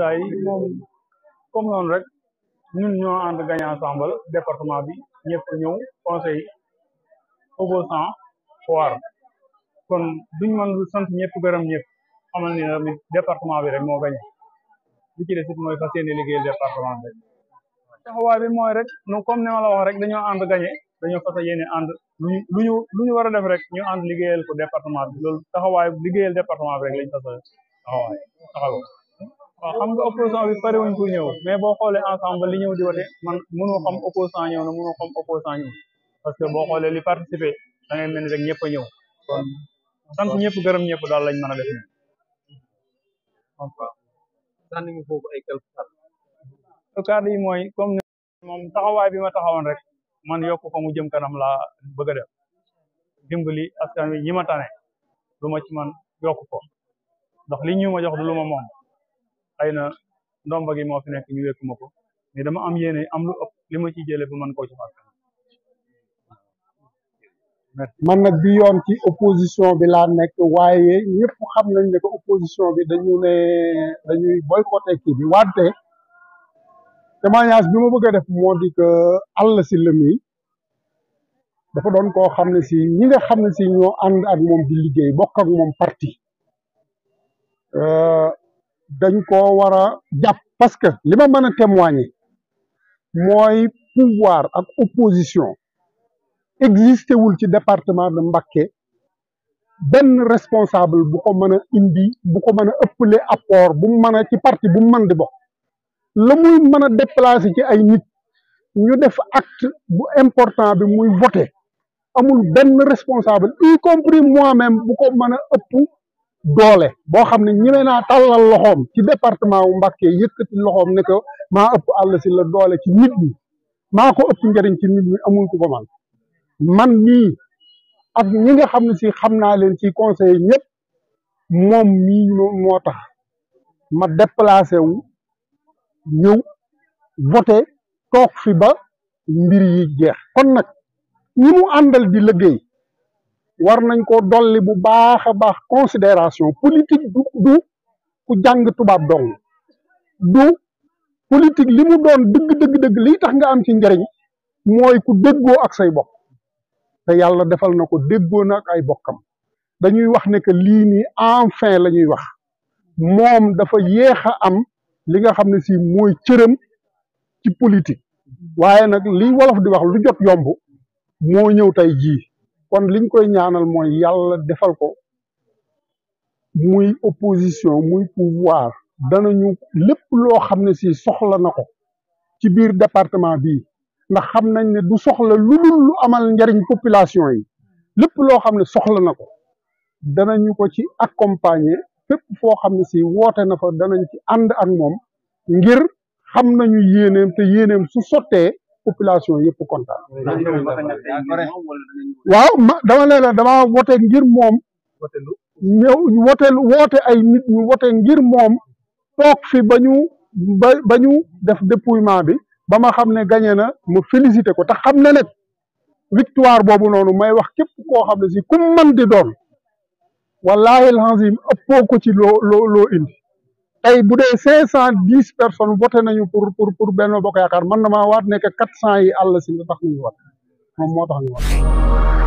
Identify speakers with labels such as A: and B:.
A: résultat yi moom comme noonu rek ñun ñoo ànd gañ ensemble département bi ñëpp ñëw conseil opposant foire kon duñ mën lu sant ñëpp gërëm ñëpp xamal ni tamit département bi rek moo gañe li ci des it mooy fas yéene liggéeyal département bi taxawaay bi mooy rek nu comme ni ma la wax rek dañoo ànd gañe dañoo fas yéene ànd luñu ñu war a def rek ñu ànd liggéeyal ko département bi loolu taxawaay liggéeyal département bi rek lañ fas taxawaay taxawoo waaw xam nga opposant bi pare wuñ ñëw mais boo xoolee ensemble li ñëw di man mënoo xam opposant ñëw na mënoo xam opposant parce que boo xoolee li participer da ngay rek ñëpp a ñëw kon
B: sant ñëpp gërëm ñëpp
A: daal lañ mën a def sànni foofu ay quelques kàddu kàddu yi mooy moom taxawaay bi ma taxawoon rek man yokk ko mu jëm kanam laa bëgg a def dimbali askan ñi ma ma ci man yokk ko ndax li ñu jox du lu ma moom xëy na ndomba gi moo fi nekk ñu wékku ko mais dama am yéene am lu li ma ciy jëlee ba mën koo ci fàq
B: man nag bi yoon ci opposition bi laa nekk waaye ñëpp xam nañ ne que opposition bi dañu ne dañuy boycotté kii bi wante témoignage bi ma bëgg a def moo di que si Sylla mi dafa doon koo xam ne si ñi nga xam ne si ñoo ànd ak moom di liggéey bokk ak moom parti euh, dañ ko war a jàpp parce que li ma mën a témoigner mooy pouvoir ak opposition existé wul ci département de Mbacké benn responsable bu ko mën indi bu ko mën a ëppale apport bu mu mën a ci parti bu mu mën di bokk la muy mën a déplacer ci ay nit ñu def acte bu important bi muy voté amul benn responsable y compris moi-même bu ko mën a ëpp doole boo xam ne ñi naa tàllal loxoom ci département wu Mbàkke yëkkati loxoom ne ko maa ëpp àll si la doole ci nit ñi maa ko ëpp njëriñ ci nit ñi amul ko man man mii ak ñi nga xam ne si xam naa leen ci conseil ñëpp moom mii moo tax ma déplacé wu ñëw voté toog fi ba mbir yi jeex kon nag ñi mu àndal di liggéey war nañ ko dolli bu baax a baax considération politique du ku jàng tubaab dong du politique li mu doon dëgg dëgg li lii tax nga am ci njëriñ mooy ku déggoo ak say bokk te yàlla defal na ko déggoo na ak ay bokkam dañuy wax ne que lii nii enfin la ñuy wax moom dafa yéex a am li nga xam ne si mooy cëram ci politique waaye nag li wolof di wax lu jot yomb moo ñëw tey jii kon liñ koy ñaanal mooy yàlla defal ko muy opposition muy pouvoir danañu lépp loo xam ne si soxla na ko ci biir département bi ndax xam nañ ne du soxla lu dul lu amal njariñ population yi lépp loo xam ne soxla na ko danañu ko ci accompagner fépp foo xam ne si woote na fa danañ ci ànd ak moom ngir xam nañu yéeneem te yéeneem su sottee population yëpp kontaan. waaw ma dama ne dama wote ngir moom. woote wote woote ay nit ñu wote ngir moom toog fi ba ñu ba ñu def dépouillement bi ba ma xam ne gagné na ma félicité ko tax xam na nag victoire boobu noonu may wax képp koo xam ne si ku mën di doon wallaahi alazim ëppoo ko ci loo loo loo indi. ay bu dee cinq cent dix personnes voté nañu pour pour pour Benno Bokk Yaakaar man na maa waat nekk quatre cent yi àll si la tax nañu waat moom moo tax ñu waat